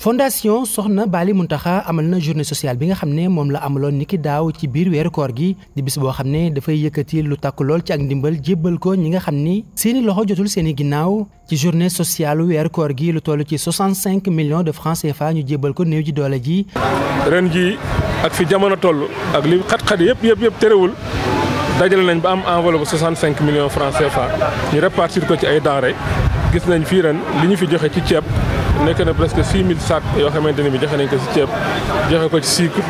fondation soxna Baali Muntaxa amal na journée sociale bi nga xam ne moom la amaloon niki daaw ci biir weeru koor gi di bis boo xam ne dafay yëkkati lu takku lool ci ak ndimbal jébbal ko ñi nga xam ni seeni loxo jotul seeni ginnaaw ci journée sociale weeru koor gi lu toll ci million millions de francs CFA ñu jébbal ko néew ji doole ji. ren ji ak fi jamono toll ak li xat-xat yëpp yëpp yëpp terewul. dajale nañ ba am enveloppe 65 millions francs CFA ñu répartir ko ci ay denrées gis nañ fii ren li ñu fi joxe ci ceeb nekk na presque 6000 sacs yoo xamante ni bi joxe nañ ko ci ceeb joxe ko ci sucre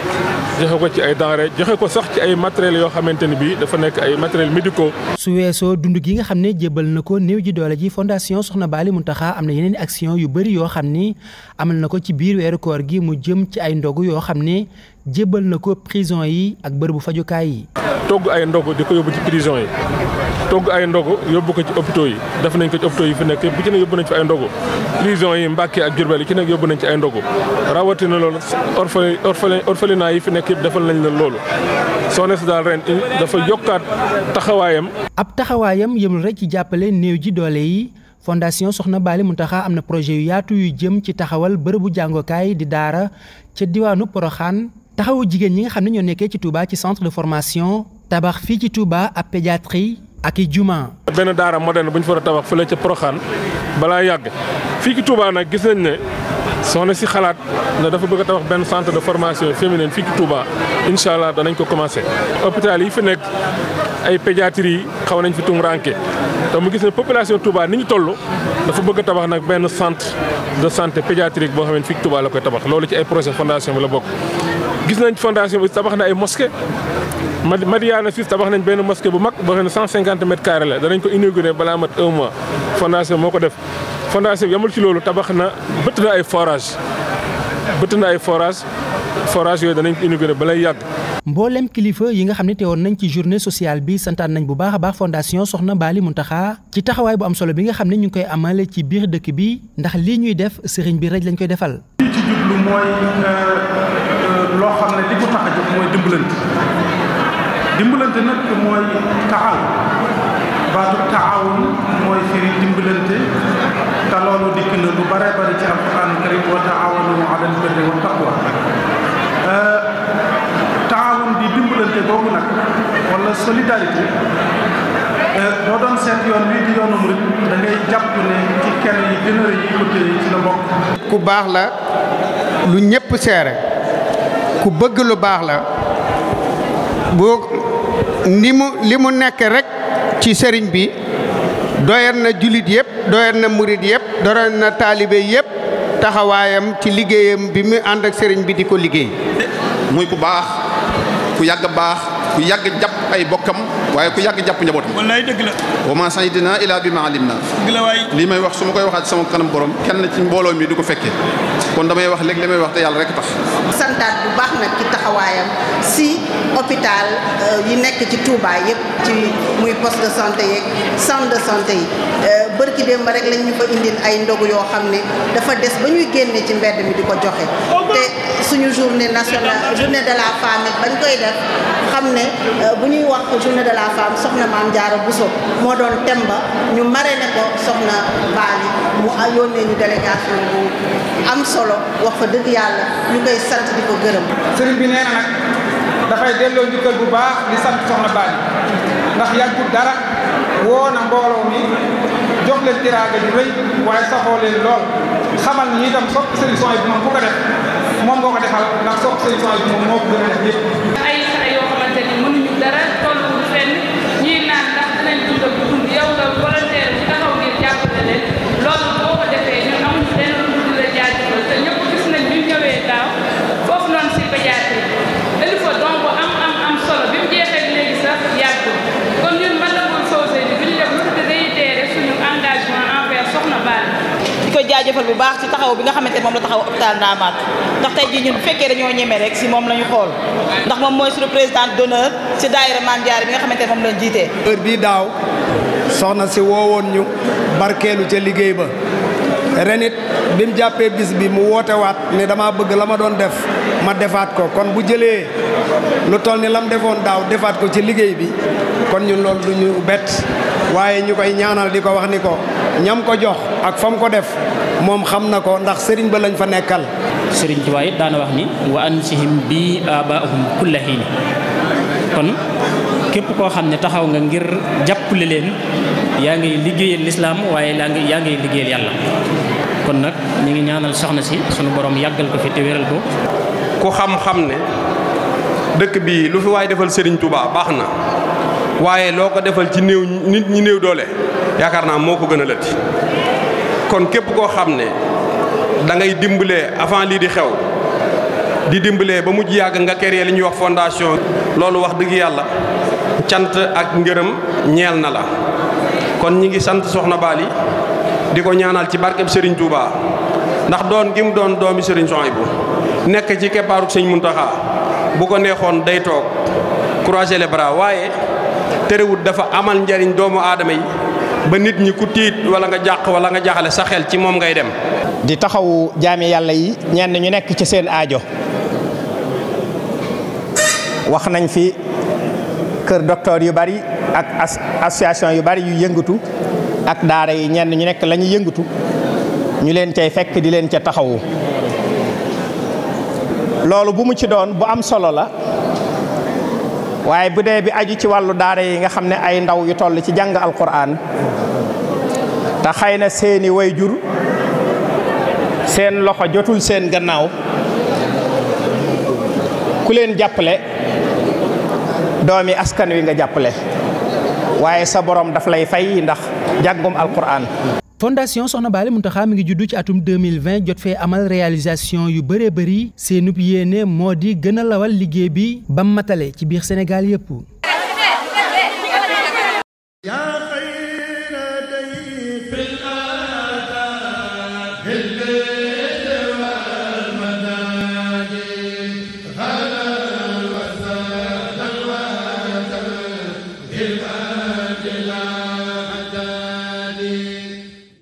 joxe ko ci ay denrées joxe ko sax ci ay matériels yoo xamante ni bi dafa nekk ay matériels médicaux. su weesoo dund gi nga xam ne jébbal na ko néew ji doole ji fondation Soxna Baali taxa am na yeneen action yu bëri yoo xam ni amal na ko ci biir weeru koor gi mu jëm ci ay ndogu yoo xam ne jébbal na ko prison yi ak bërëbu fajukaay yi. togg ay ndog di ko yóbbu ci prison togg ay ndogu yóbbu ko ci hôpitaux yi def nañ ko ci hôpitaux yi fi nekk bu ci ne yóbbu nañ fi ay ndogu prison yi Mbàkke ak Jurbel yi ci nekk yóbbu nañ ci ay ndogu rawatina loolu orphelin yi fi nekk yëpp defal nañ leen loolu SONES daal ren dafa yokkaat taxawaayam ab taxawaayam yëmul rek ci jàppale néew ji doole yi fondation Soxna mu Muntaxa am na projet yu yaatu yu jëm ci taxawal bërëbu jàngokaay di daara ca diwaanu Poroxaan taxawu jigéen ñi nga xam ne ñoo nekkee ci Touba ci centre de formation tabax fii ci Touba ab pédiatrie ak i juma. benn daara moderne bu ñu fa war a tabax fële ca Proxaan balaa yàgg fii ci Touba nag gis nañ ne soxna si xalaat ne dafa bëgg a tabax benn centre de formation féminine fii ci Touba incha allah danañ ko commencé. hôpital yi fi nekk ay pédiatrie yi xaw nañ fi tum ranke te mu gis ne population Touba ni ñu toll dafa bëgg a tabax nag benn centre de santé pédiatrique boo xam ne fii ci Touba la koy tabax loolu ci ay projet fondation bi la bokk. nañ fondation bi na ay mosquée Madiana Suisse tabax nañ benn mosquée bu mag boo xam ne 150 mètres carrés la danañ ko inauguré balaa mat moo ko def fondation bi yamul ci loolu tabax na bëtt na ay forage bëtt na ay forage forage yooyu danañ ko inauguré balay yàgg. mboolem kilifa yi nga xam ne woon nañ ci journée sociale bi santaan nañ bu baax a baax fondation Soxna Baali taxa ci taxawaay bu am solo bi nga xam ne ñu ngi koy amale ci biir dëkk bi ndax lii ñuy def sëriñ bi rek lañ koy defal. dimbalante nag mooy taxaw baatu taxawun mooy firi dimbalante te loolu dikk na lu bare bari ci alquran karim wa taawanu alal birri wa taqwa euh, taawun di dimbalante boobu nag wala solidarité euh, boo doon seet yoon wi di yoonu murid da ngay jàpp ne ci kenn yi gën a rëy yi ci la bokk ku baax la lu ñëpp seere ku bëgg lu baax la boo ni mu li mu nekk rek ci sëriñ bi doyal na julit yëpp doyal na mburit yëpp doyal na taalibe yëpp taxawaayam ci liggéeyam bi mu ànd ak sëriñ bi di ko liggéey muy ku baax ku yàgg baax ku yàgg jàpp ay bokkam waaye ku yàgg jàpp njabootam wallaay dëgg la wa ma saydina ila bi ma alim na dëgg la waay lii may wax su ma koy waxaat sama kanam borom kenn ci mbooloo mi du ko fekkee kon damay wax léegi li may wax te yàlla rek tax santaat bu baax nag ci taxawaayam si hôpital euh, yi nekk ci Touba yëpp ci muy poste de santé yeeg centre de santé yi euh, bërki démb rek lañ ñu fa indil ay ndogu yoo xam ne dafa des ba ñuy génne ci mbedd mi di ko joxe oh suñu journée nationale journée de la femme it bañ koy def xam ne euh, bu ñuy wax journée de la femme soxna maam Jaara Bousso moo doon thème ñu marré ne ko soxna Baali mu yónnee ñu délégation bu am solo wax fa dëgg yàlla ñu koy sant di ko gërëm. sëriñ bi nee na dafay delloo njukkal bu baax di sant soxna Baali ndax yàggul dara woo na mbooloo jox leen teraanga ju rëy waaye saxoo leen lool xamal ni itam sopp sëriñ son bi moom ku ko def moom nga ko defal ndax sopp sëriñ son bi moom moo ko gën a def yëpp ay xale yoo xamante ni mënuñu dara jaajëfal bu baax ci taxaw bi nga xamante ne moom la taxaw hôpital Ndamaat ndax tey jii ñun bu fekkee dañoo ñeme rek si moom la ñu xool ndax moom mooy suñu président d'honneur si daayira Mame Diarra bi nga xamante ne moom lañ jiitee heure bii daaw soxna si woowoon ñu barkeelu ca liggéey ba ren it bi mu jàppee bis bi mu woote waat ne dama bëgg la ma doon def ma defaat ko kon bu jëlee lu toll ni lam defoon daaw defaat ko ci liggéey bi kon ñun loolu du bett waaye ñu koy ñaanal di ko wax ni ko ñam ko jox ak fam ko def moom xam na ko ndax sëriñ ba lañu fa nekkal sëriñ Tuubaa it daana wax ni wa ansihim bi abaahum kulla hiin kon képp koo xam ne taxaw nga ngir jàppale leen yaa ngay liggéeyal lislaam waaye yaa ngay yaa ngay liggéeyal yàlla kon nag ñu ngi ñaanal soxna si sunu borom yàggal ko fi te wéral ko ku xam-xam ne dëkk bi lu fi waay defal sëriñ tubaa baax na waaye loo ko defal ci néew nit ñi néew doole yaakaar naa moo ko gën a lëtti kon képp koo xam ne dangay ngay dimbalee avant lii di xew di dimbalee ba mujj yàgg nga créer li ñuy wax fondation loolu wax digg yàlla cant ak ngërëm ñeel na la kon ñi ngi sant soxna Bali di ko ñaanal ci barkeb Serigne Touba ndax doon gi mu doon doomi Serigne Souhaïbou nekk ci keppaaruk Serigne Mountakha bu ko neexoon day toog croiser les waaye terewut dafa amal njariñ doomu aadama yi ba nit ñi ku tiit wala nga jàq wala nga jaxale sa xel ci moom ngay dem. di taxawu jaami yàlla yi ñenn ñu nekk ci seen aajo wax nañ fi kër docteur yu bari ak association yu bari yu yëngatu ak daara yi ñenn ñu nekk la ñuy ñu leen cay fekk di leen ca taxawu loolu bu mu ci doon bu am solo la. waaye bu dee bi aju ci wàllu daara yi nga xam ne ay ndaw yu toll ci jàng alquran te xay na seeni way jur seen loxo jotul seen gannaaw ku leen jàppale doomi askan wi nga jàppale waaye sa borom daf lay fay ndax jàngum alquran fondation Soxna Baali Muntaxa mi ngi juddu ci atum 2020 jot fee amal réalisation yu bëree bëri seenub yéene moo di gën a lawal liggéey bi ba matale ci biir senegal yépp